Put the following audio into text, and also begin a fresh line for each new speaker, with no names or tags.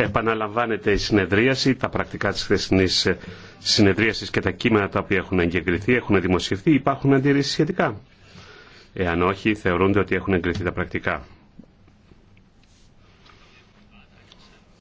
Επαναλαμβάνεται η συνεδρίαση, τα πρακτικά τη χθεσινής συνεδρίασης και τα κείμενα τα οποία έχουν εγκεκριθεί, έχουν δημοσιευθεί, υπάρχουν αντιρρήσει σχετικά. Εάν όχι, θεωρούνται ότι έχουν εγκριθεί τα πρακτικά.